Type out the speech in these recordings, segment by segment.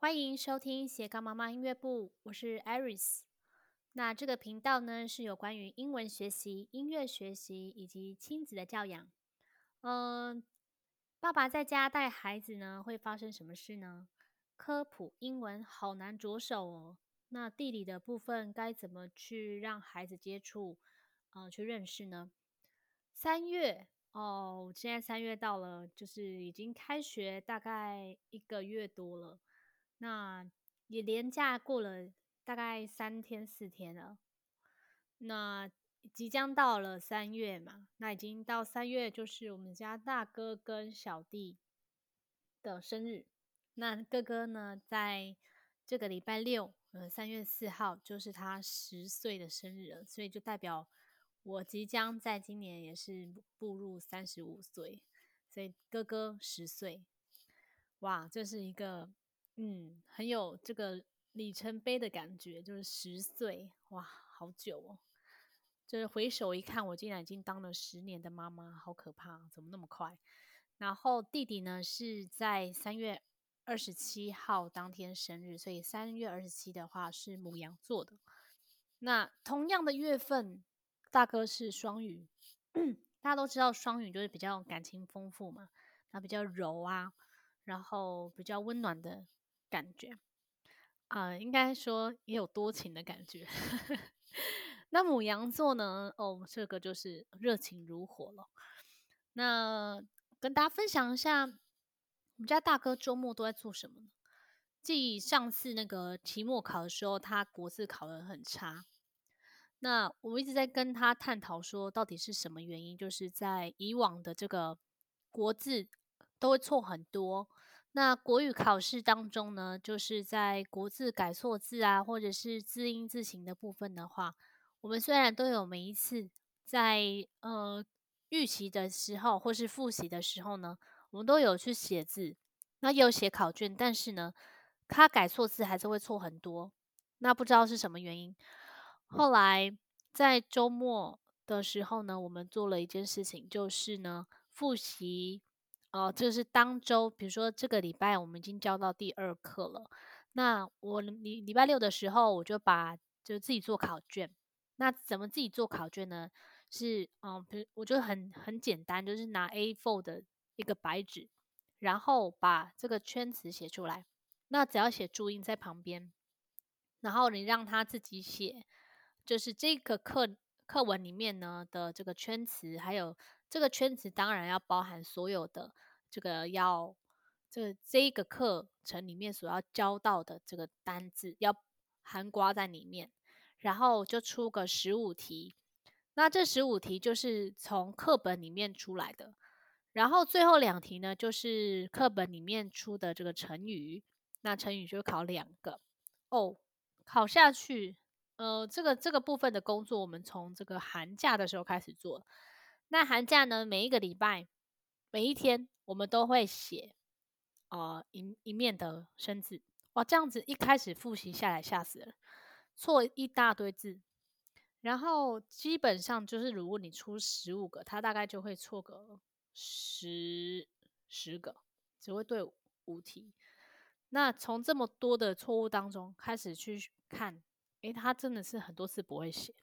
歡迎收聽斜槓媽媽音樂部，我是 Iris。那這個頻道呢，是有關於英文學習、音樂學習以及親子的教養。嗯，爸爸在家帶孩子呢，會發生什麼事呢？科普英文好難着手哦。那地理的部分該怎麼去讓孩子接觸，呃，去認識呢？三月哦，現在三月到了，就是已經開學大概一個月多了。那也連假過了大概三天四天了，那即將到了三月嘛，那已經到三月，就是我們家大哥跟小弟的生日。那哥哥呢，在這個禮拜六，呃，三月四號就是他十歲的生日了，所以就代表我即將在今年也是步入三十五歲，所以哥哥十歲，哇，這，就是一個。嗯，很有這個里程碑的感覺，就是十歲，哇，好久哦，就是回首一看，我竟然已經當了十年的媽媽，好可怕，怎麼那麼快？然後弟弟呢是在三月二十七號當天生日，所以三月二十七的話是牡羊座的。那同樣的月份，大哥是雙魚， 大家都知道雙魚就是比較感情豐富嘛，那比較柔啊，然後比較溫暖的。感覺啊、呃，應該說也有多情的感覺。 那牡羊座呢？哦，這個就是熱情如火了。那跟大家分享一下，我們家大哥周末都在做什麼呢？記上次那個期末考的時候，他國字考得很差。那我們一直在跟他探討，說到底是什麼原因？就是在以往的這個國字都會錯很多。那國語考試當中呢，就是在國字改錯字啊，或者是字音字形的部分的話，我們雖然都有每一次在呃預習的時候或是復習的時候呢，我們都有去寫字，那也有寫考卷，但是呢，它改錯字還是會錯很多。那不知道是什麼原因。後來在周末的時候呢，我們做了一件事情，就是呢，複習。哦、呃，就是當周，比如說這個禮拜我們已經教到第二課了，那我禮禮拜六的時候，我就把就自己做考卷。那怎麼自己做考卷呢？是，嗯、呃，比如我覺得很很簡單，就是拿 A4 的一個白紙，然後把這個圈詞寫出來。那只要寫注音在旁邊，然後你讓他自己寫，就是這個課課文裡面呢的這個圈詞，還有。這個圈子當然要包含所有的這個要這個、這一個課程裡面所要教到的這個單字，要含括在裡面，然後就出個十五題。那這十五題就是從課本裡面出來的，然後最後兩題呢，就是課本裡面出的這個成語，那成語就考兩個哦。考下去，呃，這個這個部分的工作，我們從這個寒假的時候開始做。那寒假呢，每一個禮拜，每一天，我們都會寫，呃，一一面的生字。哇，這樣子一開始複習下來嚇死了，錯一大堆字。然後基本上就是，如果你出十五個，他大概就會錯個十十個，只會對五題。那從這麼多的錯誤當中開始去看，誒、欸，他真的是很多字不會寫。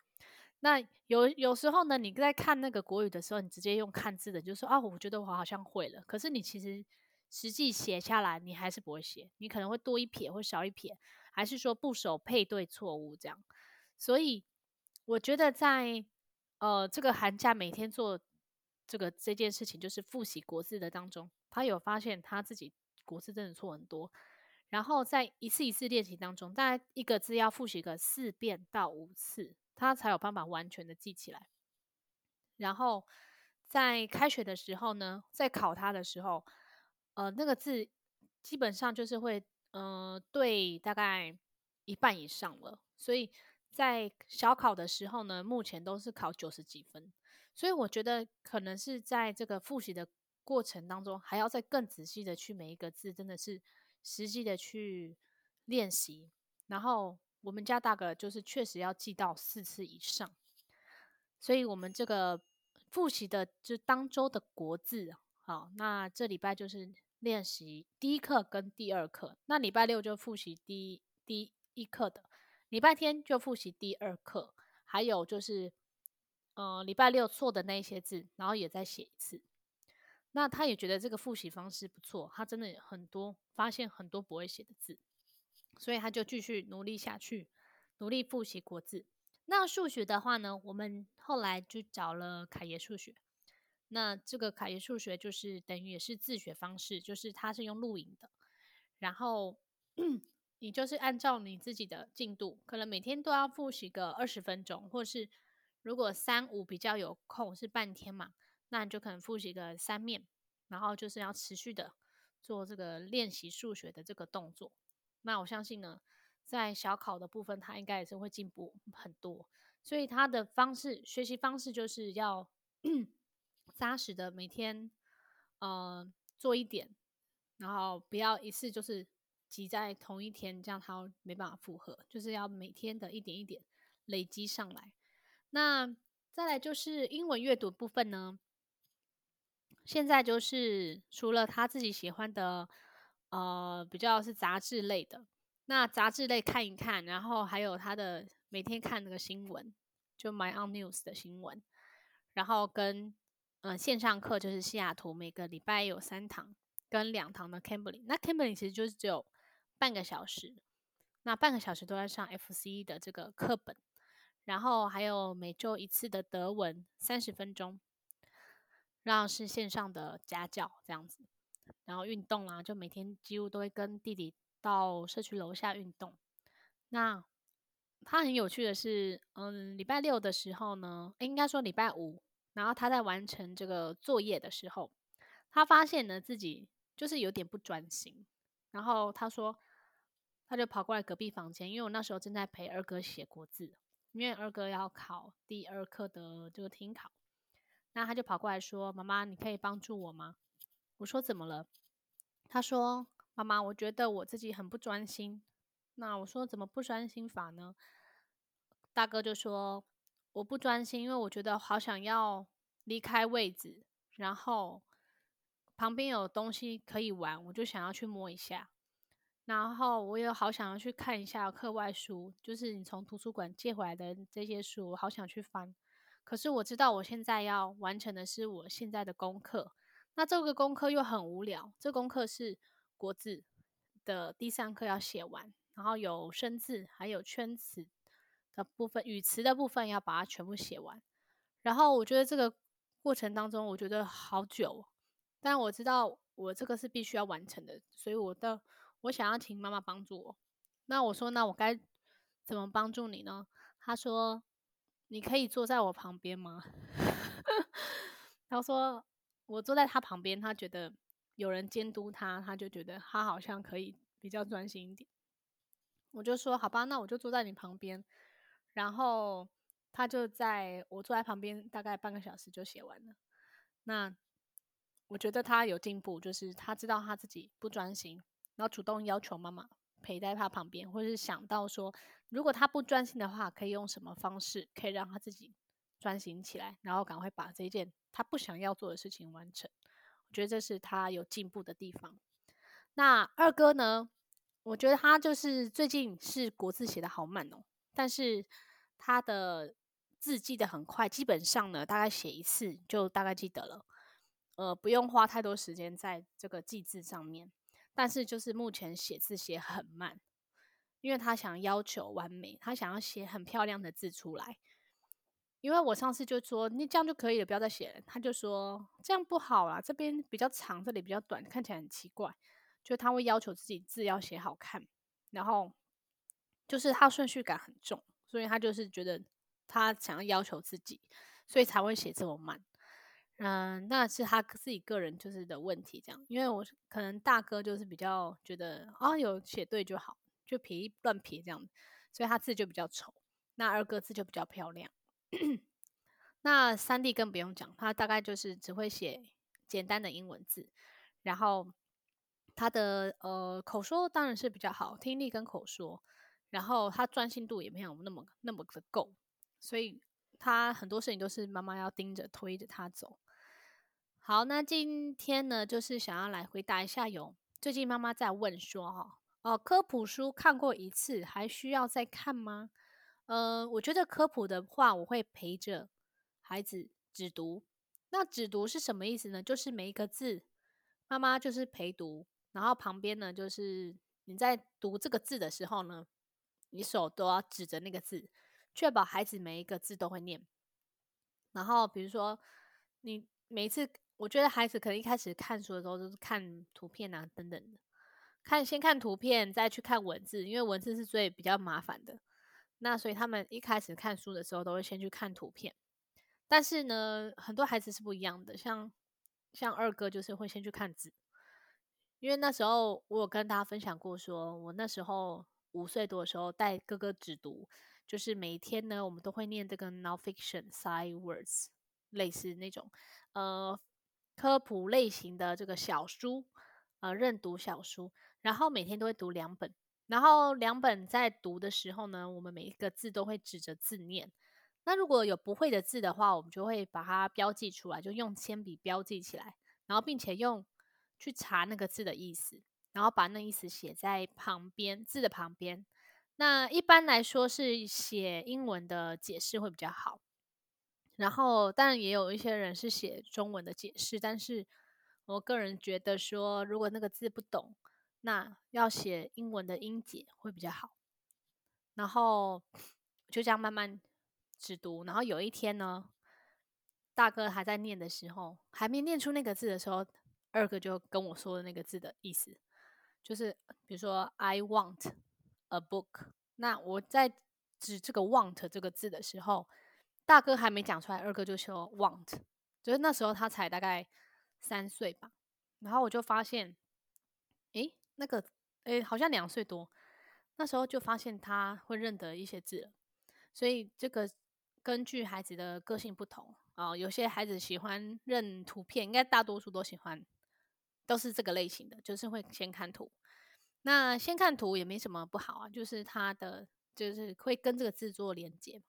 那有有時候呢，你在看那個國語的時候，你直接用看字的，就說啊，我覺得我好像會了。可是你其實實際寫下來，你還是不會寫，你可能會多一撇或少一撇，還是說部首配對錯誤這樣。所以我覺得在呃這個寒假每天做這個這件事情，就是複習國字的當中，他有發現他自己國字真的錯很多。然後在一次一次練習當中，大概一個字要複習個四遍到五次。他才有辦法完全的記起來，然後在開學的時候呢，在考他的時候，呃，那個字基本上就是會，呃，對，大概一半以上了。所以在小考的時候呢，目前都是考九十幾分。所以我覺得可能是在這個復習的過程當中，還要再更仔細的去每一個字，真的是實際的去練習，然後。我們家大哥就是確實要記到四次以上，所以我們這個複習的就是當周的國字啊。好，那這禮拜就是練習第一課跟第二課，那禮拜六就複習第一第一課的，禮拜天就複習第二課，還有就是呃禮拜六錯的那些字，然後也再寫一次。那他也覺得這個複習方式不錯，他真的很多發現很多不會寫的字。所以他就繼續努力下去，努力複習國字。那數學的話呢，我們後來就找了凱爺數學。那這個凱爺數學就是等於也是自學方式，就是他是用錄影的，然後，嗯，你就是按照你自己的進度，可能每天都要複習個二十分鐘，或是如果三五比較有空是半天嘛，那你就可能複習個三面，然後就是要持續的做這個練習數學的這個動作。那我相信呢，在小考的部分，他應該也是會進步很多，所以他的方式學習方式就是要 扎實的每天嗯、呃、做一點，然後不要一次就是擠在同一天，這樣他沒辦法負荷，就是要每天的一點一點累積上來。那再來就是英文閱讀部分呢，現在就是除了他自己喜歡的。呃，比較是雜誌類的，那雜誌類看一看，然後還有他的每天看那個新聞，就 myON News 的新聞，然後跟呃線上課就是西雅圖每個禮拜有三堂跟兩堂的 Cambly，那 Cambly 其實就是只有半個小時，那半個小時都要上 FCE 的這個課本，然後還有每週一次的德文三十分鐘，然後是線上的家教這樣子。然後運動啦、啊，就每天幾乎都會跟弟弟到社區樓下運動。那他很有趣的是，嗯，禮拜六的時候呢，誒，應該說禮拜五，然後他在完成這個作業的時候，他發現呢自己就是有點不專心。然後他說，他就跑過來隔壁房間，因為我那時候正在陪二哥寫國字，因為二哥要考第二課的這個聽考。那他就跑過來說：“媽媽，你可以幫助我嗎？”我說，怎麼了？他說：“媽媽，我覺得我自己很不專心。”那我說：“怎麼不專心法呢？”大哥就說：“我不專心，因為我覺得好想要離開位置，然後旁邊有東西可以玩，我就想要去摸一下。然後我也好想要去看一下課外書，就是你從圖書館借回來的這些書，我好想去翻。可是我知道我現在要完成的是我現在的功課。”那這個功課又很無聊，這個功課是國字的第三課要寫完，然後有生字，還有圈詞的部分、語詞的部分要把它全部寫完。然後我覺得這個過程當中，我覺得好久，但我知道我這個是必須要完成的，所以我的我想要請媽媽幫助我。那我說，那我該怎麼幫助你呢？他說，你可以坐在我旁邊嗎？ 他說。我坐在他旁邊，他覺得有人監督他，他就覺得他好像可以比較專心一點。我就說好吧，那我就坐在你旁邊。然後他就在我坐在旁邊，大概半個小時就寫完了。那我覺得他有進步，就是他知道他自己不專心，然後主動要求媽媽陪在他旁邊，或是想到說，如果他不專心的話，可以用什麼方式可以讓他自己專心起來，然後趕快把這件。他不想要做的事情完成，我覺得這是他有進步的地方。那二哥呢？我覺得他就是最近是國字寫得好慢哦，但是他的字記得很快，基本上呢，大概寫一次就大概記得了，呃，不用花太多時間在這個記字上面。但是就是目前寫字寫很慢，因為他想要求完美，他想要寫很漂亮的字出來。因為我上次就說，你這樣就可以了，不要再寫了。他就說，這樣不好啦、啊，這邊比較長，這裡比較短，看起來很奇怪。就他會要求自己字要寫好看，然後就是他順序感很重，所以他就是覺得他想要要求自己，所以才會寫這麼慢。嗯，那是他自己個人就是的問題。這樣，因為我可能大哥就是比較覺得啊、哦，有寫對就好，就撇亂撇這樣，所以他字就比較醜。那二哥字就比較漂亮。 那三弟更不用講，他大概就是只會寫簡單的英文字，然後他的呃口說當然是比較好，聽力跟口說，然後他專心度也沒有那麼那麼的夠，所以他很多事情都是媽媽要盯着推着他走。好，那今天呢，就是想要來回答一下有最近媽媽在問說，哈哦，科普書看過一次，還需要再看嗎？呃，我覺得科普的話，我會陪着孩子指讀。那指讀是什麼意思呢？就是每一個字，媽媽就是陪讀，然後旁邊呢，就是你在讀這個字的時候呢，你手都要指着那個字，確保孩子每一個字都會念。然後比如說，你每次，我覺得孩子可能一開始看書的時候，都是看圖片啊等等的，看，先看圖片，再去看文字，因為文字是最比較麻煩的。那所以他們一開始看書的時候，都會先去看圖片。但是呢，很多孩子是不一樣的，像像二哥就是會先去看字。因為那時候我有跟大家分享過說，說我那時候五歲多的時候帶哥哥只讀，就是每天呢，我們都會念這個 nonfiction sight words，類似那種呃科普類型的這個小書，呃認讀小書，然後每天都會讀兩本。然後兩本在讀的時候呢，我們每一個字都會指着字念。那如果有不會的字的話，我們就會把它標記出來，就用鉛筆標記起來，然後並且用去查那個字的意思，然後把那個意思寫在旁邊字的旁邊。那一般來說是寫英文的解釋會比較好。然後當然也有一些人是寫中文的解釋，但是我個人覺得說，如果那個字不懂。那要寫英文的音節會比較好，然後就這樣慢慢指讀，然後有一天呢，大哥還在念的時候，還沒念出那個字的時候，二哥就跟我說的那個字的意思，就是比如說 I want a book，那我在指這個 want 這個字的時候，大哥還沒講出來，二哥就說 want，就是那時候他才大概三歲吧，然後我就發現，誒。那個，誒、欸,好像兩歲多，那時候就發現他會認得一些字了，所以這個根據孩子的個性不同啊、哦，有些孩子喜歡認圖片，應該大多數都喜歡，都是這個類型的，就是會先看圖。那先看圖也沒什麼不好啊，就是他的就是會跟這個字做連接。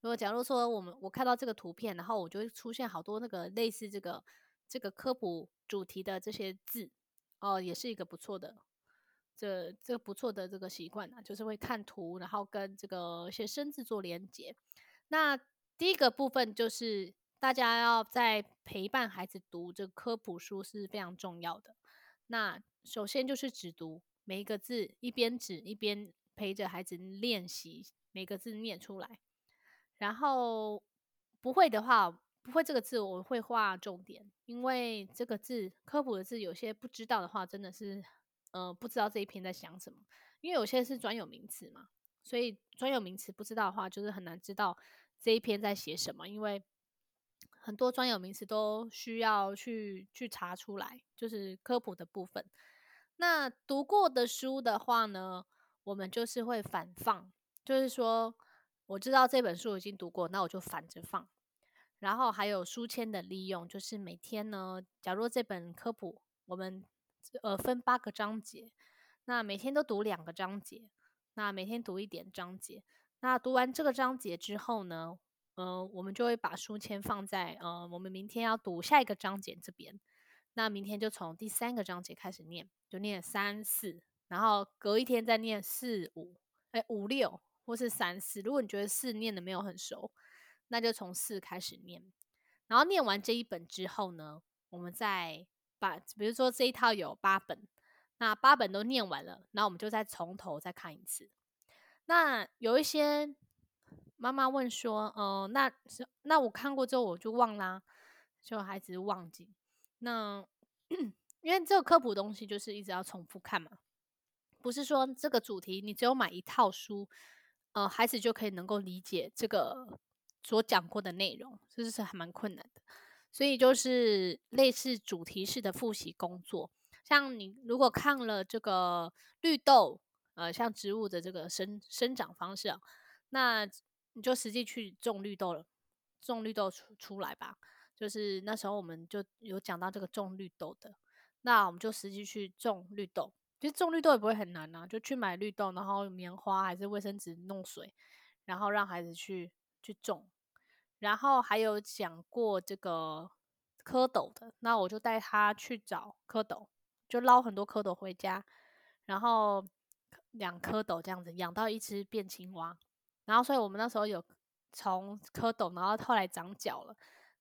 如果假如說我們我看到這個圖片，然後我就會出現好多那個類似這個這個科普主題的這些字，哦，也是一個不錯的。這這個不錯的這個習慣啊，就是會看圖，然後跟這個一些生字做連接。那第一個部分就是大家要在陪伴孩子讀這科普書是非常重要的。那首先就是指讀每一個字，一邊指一邊陪着孩子練習每個字念出來。然後不會的話，不會這個字我會畫重點，因為這個字科普的字有些不知道的話，真的是。嗯、呃，不知道這一篇在想什麼，因為有些是專有名詞嘛，所以專有名詞不知道的話，就是很難知道這一篇在寫什麼。因為很多專有名詞都需要去去查出來，就是科普的部分。那讀過的書的話呢，我們就是會反放，就是說我知道這本書已經讀過，那我就反着放。然後還有書籤的利用，就是每天呢，假如這本科普我們。呃，分八個章節，那每天都讀兩個章節，那每天讀一點章節，那讀完這個章節之後呢，呃，我們就會把書籤放在呃，我們明天要讀下一個章節這邊，那明天就從第三個章節開始念，就念三四，然後隔一天再念四五，誒，五六，或是三四。如果你覺得四念的沒有很熟，那就從四開始念，然後念完這一本之後呢，我們再。把比如說這一套有八本，那八本都念完了，那我們就再從頭再看一次。那有一些媽媽問說：“嗯、呃，那是那我看過之後我就忘啦，就孩子忘記。那”那因為這個科普東西就是一直要重複看嘛，不是說這個主題你只有買一套書，呃，孩子就可以能夠理解這個所講過的內容，這是還蠻困難的。所以就是類似主題式的複習工作，像你如果看了這個綠豆，呃，像植物的這個生生長方式啊，那你就實際去種綠豆了，種綠豆出出來吧。就是那時候我們就有講到這個種綠豆的，那我們就實際去種綠豆。其實種綠豆也不會很難啊，就去買綠豆，然後棉花還是衛生紙弄水，然後讓孩子去去種。然後還有講過這個蝌蚪的，那我就帶他去找蝌蚪，就撈很多蝌蚪回家，然後養蝌蚪這樣子養到一隻變青蛙。然後，所以我們那時候有從蝌蚪，然後後來長腳了，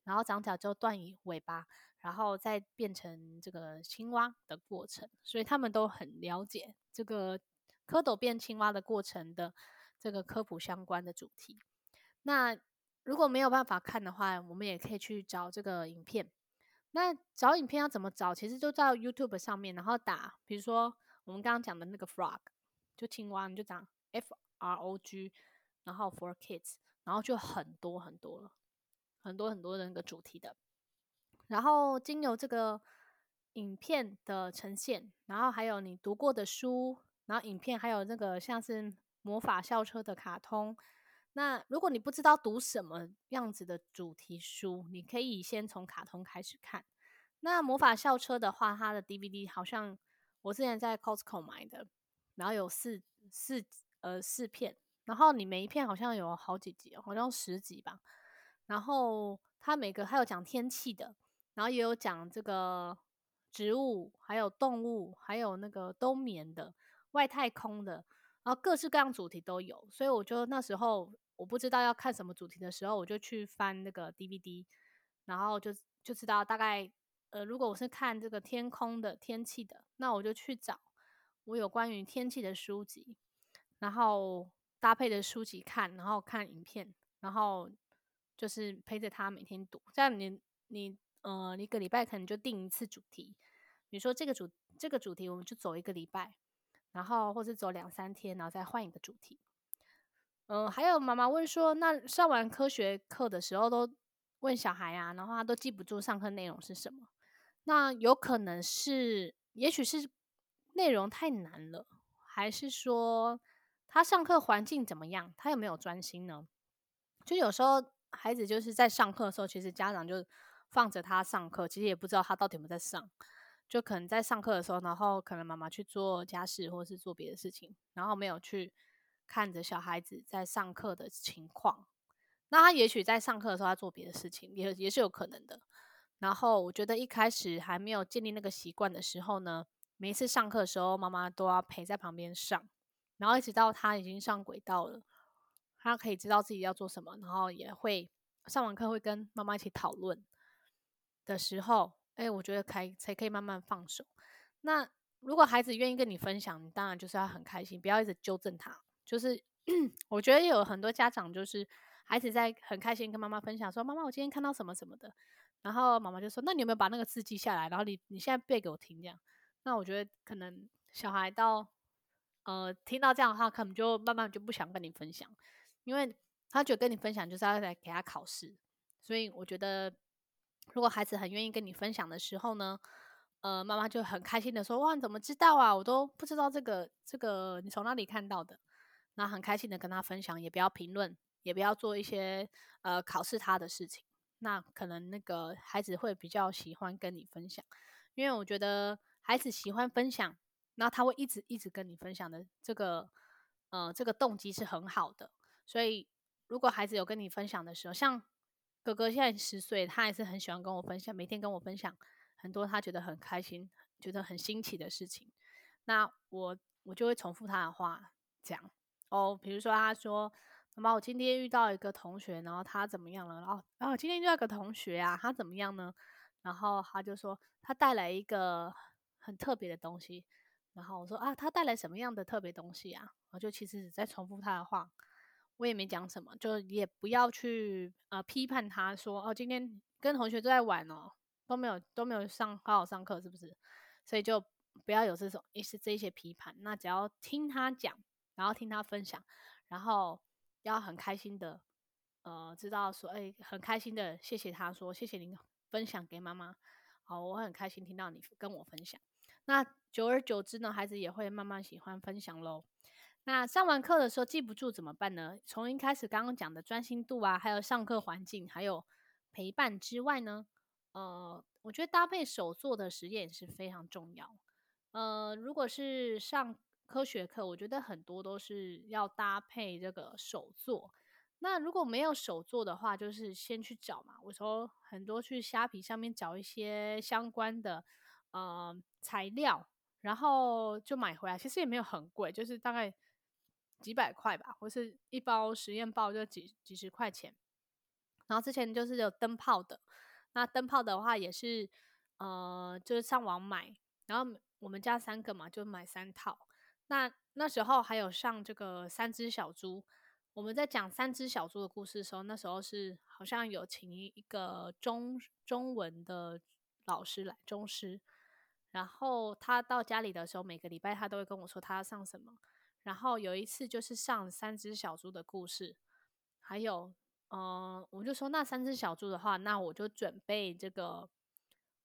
然後長腳之後斷尾巴，然後再變成這個青蛙的過程。所以他們都很了解這個蝌蚪變青蛙的過程的這個科普相關的主題。那如果沒有辦法看的話，我們也可以去找這個影片。那找影片要怎麼找？其實就在 YouTube 上面，然後打，比如說我們剛剛講的那個 Frog，就青蛙，你就講 F R O G，然後 for kids，然後就很多很多了，很多很多的那個主題的。然後經由這個影片的呈現，然後還有你讀過的書，然後影片還有那個像是魔法校車的卡通。那如果你不知道讀什麼樣子的主題書，你可以先從卡通開始看。那魔法校車的話，它的 DVD 好像我之前在 Costco 買的，然後有四四呃四片，然後你每一片好像有好幾集，好像十集吧。然後它每個它有講天氣的，然後也有講這個植物，還有動物，還有那個冬眠的、外太空的。然後各式各樣主題都有，所以我就那時候我不知道要看什麼主題的時候，我就去翻那個 DVD，然後就就知道大概。呃，如果我是看這個天空的天氣的，那我就去找我有關於天氣的書籍，然後搭配的書籍看，然後看影片，然後就是陪着他每天讀。這樣你你呃，你一個禮拜可能就定一次主題，比如說這個主這個主題我們就走一個禮拜。然後或是走兩三天，然後再換一個主題。嗯，還有媽媽問說，那上完科學課的時候，都問小孩啊，然後他都記不住上課內容是什麼？那有可能是，也許是內容太難了，還是說他上課環境怎麼樣？他有沒有專心呢？就有時候孩子就是在上課的時候，其實家長就放着他上課，其實也不知道他到底有沒有在上。就可能在上課的時候，然後可能媽媽去做家事或者是做別的事情，然後沒有去看着小孩子在上課的情況。那他也許在上課的時候，他做別的事情，也也是有可能的。然後我覺得一開始還沒有建立那個習慣的時候呢，每一次上課的時候，媽媽都要陪在旁邊上，然後一直到他已經上軌道了，他可以知道自己要做什麼，然後也會上完課會跟媽媽一起討論的時候。哎、欸，我覺得才才可以慢慢放手。那如果孩子願意跟你分享，你當然就是要很開心，不要一直糾正他。就是 我覺得有很多家長，就是孩子在很開心跟媽媽分享說，說，媽媽我今天看到什麼什麼的，然後媽媽就說，那你有沒有把那個字記下來？然後你你現在背給我聽這樣。那我覺得可能小孩到呃聽到這樣的話，可能就慢慢就不想跟你分享，因為他就跟你分享就是要來給他考試，所以我覺得。如果孩子很願意跟你分享的時候呢，呃，媽媽就很開心的說：“哇，你怎麼知道啊？我都不知道這個，這個你從哪裡看到的？”那很開心的跟他分享，也不要評論，也不要做一些呃考試他的事情。那可能那個孩子會比較喜歡跟你分享，因為我覺得孩子喜歡分享，那他會一直一直跟你分享的。這個呃，這個動機是很好的。所以，如果孩子有跟你分享的時候，像……哥哥現在十歲，他也是很喜歡跟我分享，每天跟我分享很多他覺得很開心、覺得很新奇的事情。那我我就會重複他的話講哦，比如說他說：“媽媽，我今天遇到一個同學，然後他怎麼樣了？”哦哦，啊、今天遇到一個同學啊，他怎麼樣呢？然後他就說他帶來一個很特別的東西。然後我說：“啊，他帶來什麼樣的特別東西啊？”我就其實只在重複他的話。我也沒講什麼，就也不要去呃批判他說，說哦，今天跟同學都在玩哦，都沒有都沒有上好好上課，是不是？所以就不要有這種一、欸，是這一些批判。那只要聽他講，然後聽他分享，然後要很開心的呃知道說，哎、欸，很開心的，謝謝他說，謝謝您分享給媽媽。好，我很開心聽到你跟我分享。那久而久之呢，孩子也會慢慢喜歡分享嘍。那上完課的時候記不住怎麼辦呢？從一開始剛剛講的專心度啊，還有上課環境，還有陪伴之外呢，呃，我覺得搭配手做的實驗也是非常重要。呃，如果是上科學課，我覺得很多都是要搭配這個手做。那如果沒有手做的話，就是先去找嘛。我說很多去蝦皮上面找一些相關的呃材料，然後就買回來。其實也沒有很貴，就是大概。幾百塊吧，或是一包實驗包就幾幾十塊錢。然後之前就是有燈泡的，那燈泡的話也是，呃，就是上網買。然後我們家三個嘛，就買三套。那那時候還有上這個三隻小豬。我們在講三隻小豬的故事的時候，那時候是好像有請一個中中文的老師來，中師。然後他到家裡的時候，每個禮拜他都會跟我說他要上什麼。然後有一次就是上三隻小豬的故事，還有，嗯、呃，我就說，那三隻小豬的話，那我就準備這個，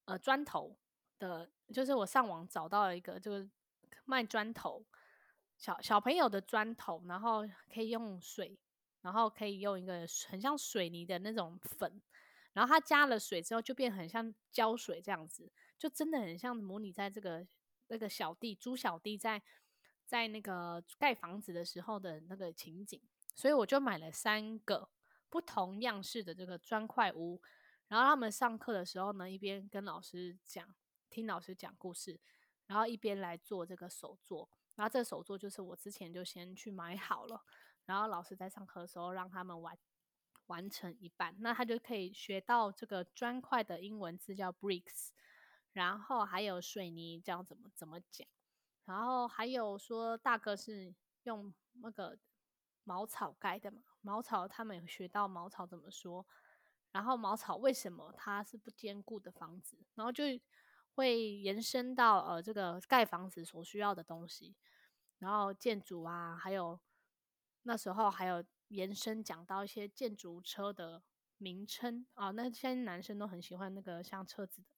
呃，磚頭的，就是我上網找到了一個，就是賣磚頭，小小朋友的磚頭，然後可以用水，然後可以用一個很像水泥的那種粉，然後它加了水之後就變很像膠水這樣子，就真的很像模擬在這個那、這個小弟豬小弟在。在那個蓋房子的時候的那個情景，所以我就買了三個不同樣式的這個磚塊屋。然後他們上課的時候呢，一邊跟老師講，聽老師講故事，然後一邊來做這個手作。然後這個手作就是我之前就先去買好了，然後老師在上課的時候讓他們完完成一半，那他就可以學到這個磚塊的英文字叫 bricks，然後還有水泥，這樣怎麼怎麼講。然後還有說，大哥是用那個茅草蓋的嘛，茅草他們有學到茅草怎麼說，然後茅草為什麼它是不堅固的房子？然後就會延伸到呃，這個蓋房子所需要的東西，然後建築啊，還有那時候還有延伸講到一些建築車的名稱啊。那些男生都很喜歡那個像車子的，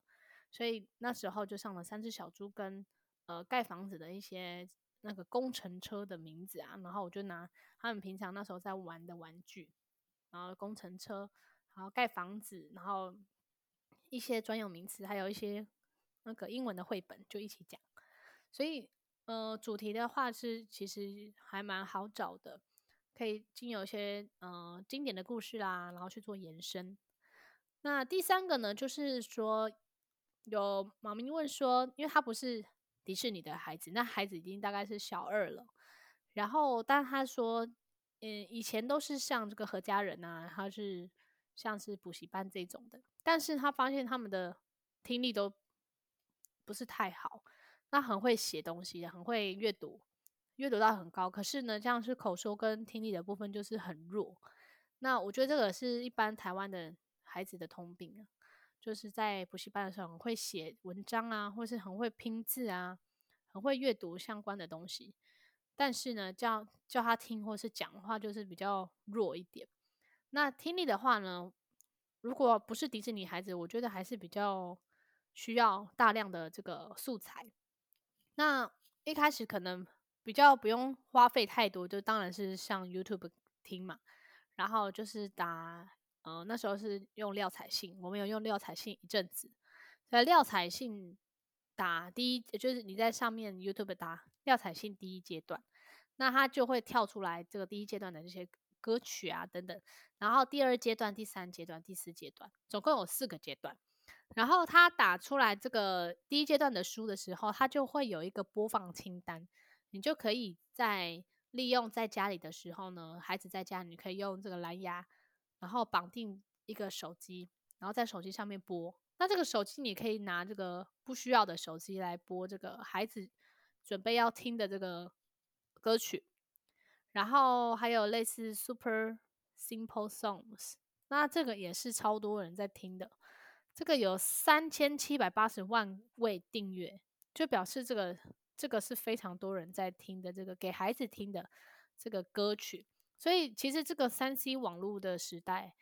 所以那時候就上了三隻小豬跟，呃，蓋房子的一些那個工程車的名字啊，然後我就拿他們平常那時候在玩的玩具，然後工程車，然後蓋房子，然後一些專有名詞，還有一些那個英文的繪本就一起講。所以，呃，主題的話是其實還蠻好找的，可以經由一些嗯、呃、經典的故事啦，然後去做延伸。那第三個呢，就是說有媽咪問說，因為他不是。迪士尼的孩子，那孩子已經大概是小二了。然後，但他說，嗯，以前都是像這個何嘉仁啊，他是像是補習班這種的。但是他發現他們的聽力都不是太好，那很會寫東西，很會閱讀，閱讀到很高。可是呢，這樣是口說跟聽力的部分就是很弱。那我覺得這個是一般台灣的孩子的通病啊。就是在補習班的時候很會寫文章啊，或是很會拼字啊，很會閱讀相關的東西。但是呢，叫叫他聽或是講話就是比較弱一點。那聽力的話呢，如果不是迪士尼孩子，我覺得還是比較需要大量的這個素材。那一開始可能比較不用花費太多，就當然是上 YouTube 聽嘛，然後就是打。嗯、呃，那時候是用廖彩杏，我們有用廖彩杏一陣子。在廖彩杏打第一，就是你在上面 YouTube 打廖彩杏第一階段，那它就會跳出來這個第一階段的這些歌曲啊等等。然後第二階段、第三階段、第四階段，總共有四個階段。然後它打出來這個第一階段的書的時候，它就會有一個播放清單，你就可以在利用在家裡的時候呢，孩子在家你可以用這個藍牙。然後綁定一個手機，然後在手機上面播。那這個手機你可以拿這個不需要的手機來播這個孩子準備要聽的這個歌曲。然後還有類似 Super Simple Songs，那這個也是超多人在聽的。這個有三千七百八十萬位訂閱，就表示這個這個是非常多人在聽的這個給孩子聽的這個歌曲。所以，其實這個三 C 網絡的時代，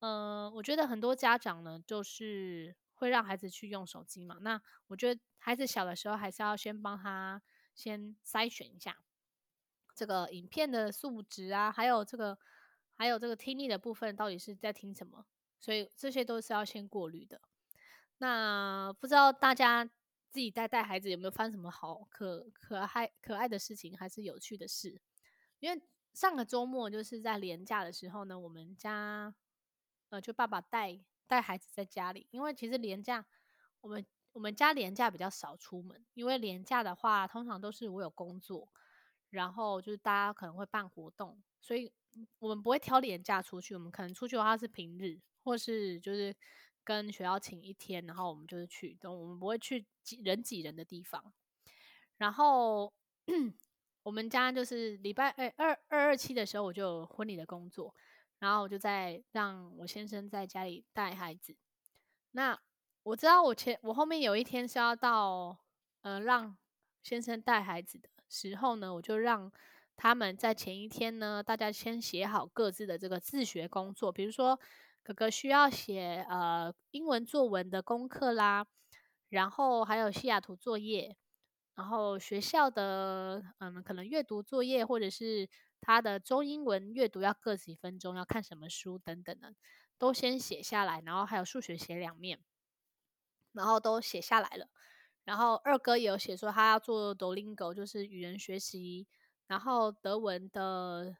呃，我覺得很多家長呢，就是會讓孩子去用手機嘛。那我覺得孩子小的時候，還是要先幫他先篩選一下這個影片的素質啊，還有這個還有這個聽力的部分，到底是在聽什麼？所以這些都是要先過濾的。那不知道大家自己帶帶孩子有沒有發生什麼好可可愛可愛的事情，還是有趣的事？因為上個周末就是在連假的時候呢，我們家呃就爸爸帶帶孩子在家裡，因為其實連假我們我們家連假比較少出門，因為連假的話通常都是我有工作，然後就是大家可能會辦活動，所以我們不會挑連假出去。我們可能出去的話是平日，或是就是跟學校請一天，然後我們就是去，等我們不會去擠人擠人的地方，然後。 我們家就是禮拜誒二二,二二七的時候，我就有婚禮的工作，然後我就在讓我先生在家裡帶孩子。那我知道我前我後面有一天是要到呃讓先生帶孩子的時候呢，我就讓他們在前一天呢，大家先寫好各自的這個自學工作，比如說哥哥需要寫呃英文作文的功課啦，然後還有西雅圖作業。然後學校的嗯，可能閱讀作業或者是他的中英文閱讀要各幾分鐘，要看什麼書等等的，都先寫下來。然後還有數學寫兩面，然後都寫下來了。然後二哥也有寫說他要做 Duolingo，就是語言學習。然後德文的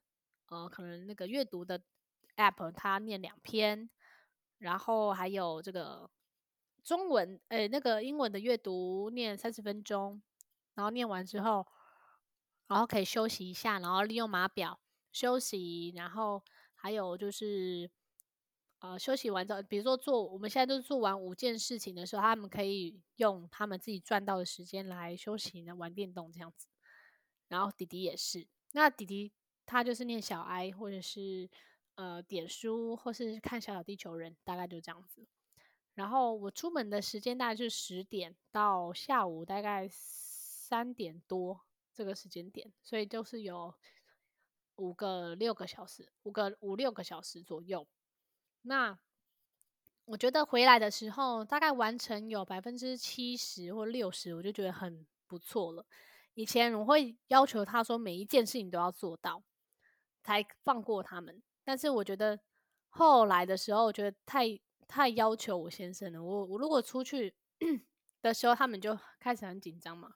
呃，可能那個閱讀的 app 他念兩篇，然後還有這個中文，誒那個英文的閱讀念三十分鐘。然後念完之後，然後可以休息一下，然後利用碼錶休息，然後還有就是，呃，休息完之後，比如說做我們現在都做完五件事情的時候，他們可以用他們自己賺到的時間來休息、玩電動這樣子。然後弟弟也是，那弟弟他就是念小 I 或者是呃點書，或是看《小小地球人》，大概就這樣子。然後我出門的時間大概就是十點到下午大概，三點多這個時間點，所以就是有五個六個小時，五個五六個小時左右。那我覺得回來的時候，大概完成有百分之七十或六十，我就覺得很不錯了。以前我會要求他說每一件事情都要做到，才放過他們。但是我覺得後來的時候，我覺得太太要求我先生了。我我如果出去 的時候，他們就開始很緊張嘛。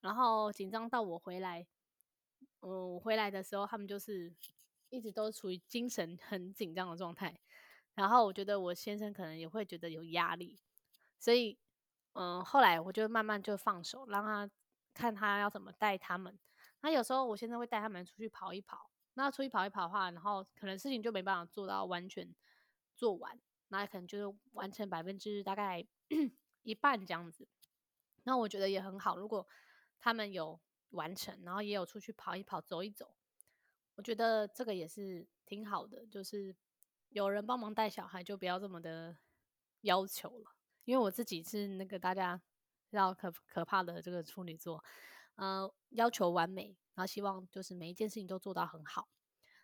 然後緊張到我回來，嗯，我回來的時候他們就是一直都處於精神很緊張的狀態。然後我覺得我先生可能也會覺得有壓力，所以，嗯，後來我就慢慢就放手，讓他看他要怎麼帶他們。那有時候我先生會帶他們出去跑一跑。那出去跑一跑的話，然後可能事情就沒辦法做到完全做完，那可能就是完成百分之大概 一半這樣子。那我覺得也很好，如果。他們有完成，然後也有出去跑一跑、走一走。我覺得這個也是挺好的，就是有人幫忙帶小孩，就不要這麼的要求了。因為我自己是那個大家知道可可怕的這個處女座，呃，要求完美，然後希望就是每一件事情都做到很好。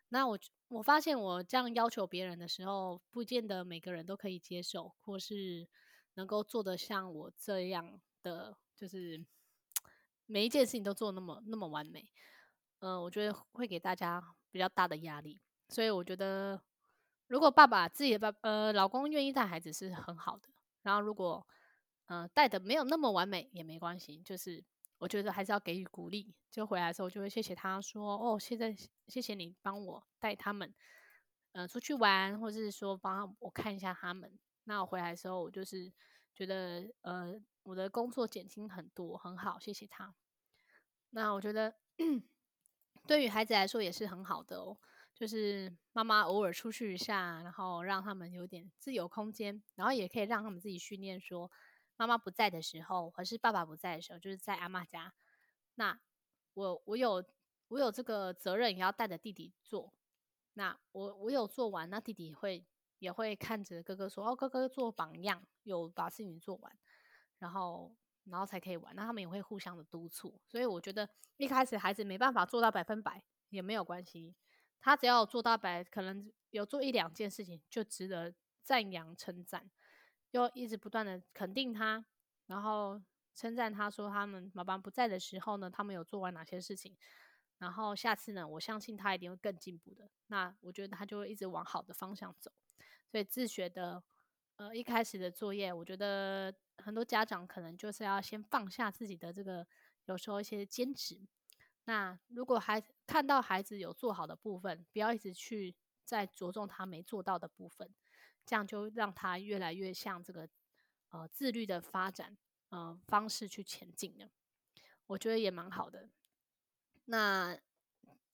那我我發現我這樣要求別人的時候，不見得每個人都可以接受，或是能夠做得像我這樣的，就是。每一件事情都做那麼那麼完美，嗯、呃，我覺得會給大家比較大的壓力。所以我覺得，如果爸爸自己的爸，呃，老公願意帶孩子是很好的。然後如果嗯、呃，帶的沒有那麼完美也沒關係，就是我覺得還是要給予鼓勵。就回來的時候我就會謝謝他說哦，現在謝謝你幫我帶他們，嗯、呃，出去玩，或者是說幫我看一下他們。那我回來的時候我就是覺得，呃，我的工作減輕很多，很好，謝謝他。那我覺得，對於孩子來說也是很好的哦。就是媽媽偶爾出去一下，然後讓他們有點自由空間，然後也可以讓他們自己訓練說，媽媽不在的時候，或是爸爸不在的時候，就是在阿嬤家。那我我有我有這個責任，也要帶着弟弟做。那我我有做完，那弟弟會也會看着哥哥說，哦，哥哥做榜樣，有把事情做完，然後。然後才可以玩，那他們也會互相的督促，所以我覺得一開始孩子沒辦法做到百分百也沒有關係，他只要做到百，可能有做一兩件事情就值得讚揚稱讚，就一直不斷的肯定他，然後稱讚他說，他們爸爸不在的時候呢，他們有做完哪些事情，然後下次呢，我相信他一定會更進步的，那我覺得他就會一直往好的方向走，所以自學的。呃，一開始的作業，我覺得很多家長可能就是要先放下自己的這個，有時候一些兼職。那如果孩看到孩子有做好的部分，不要一直去再着重他沒做到的部分，這樣就讓他越來越像這個呃自律的發展呃方式去前進了。我覺得也蠻好的。那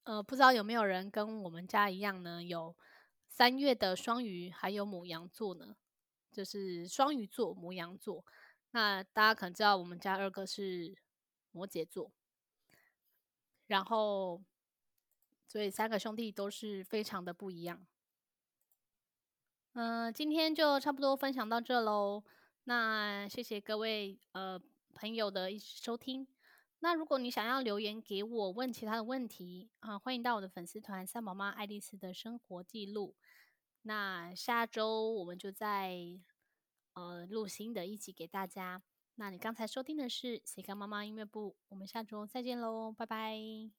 呃，不知道有沒有人跟我們家一樣呢？有三月的雙魚，還有牡羊座呢？就是雙魚座、牡羊座，那大家可能知道我們家二哥是摩羯座，然後所以三個兄弟都是非常的不一樣。嗯、呃，今天就差不多分享到這嘍，那謝謝各位呃朋友的一起收聽。那如果你想要留言給我問其他的問題啊、呃，歡迎到我的粉絲團“三寶媽愛麗絲”的生活記錄。那下週我們就再呃錄新的一集給大家。那你剛才收聽的是《斜槓媽媽音樂部》，我們下週再見嘍，拜拜。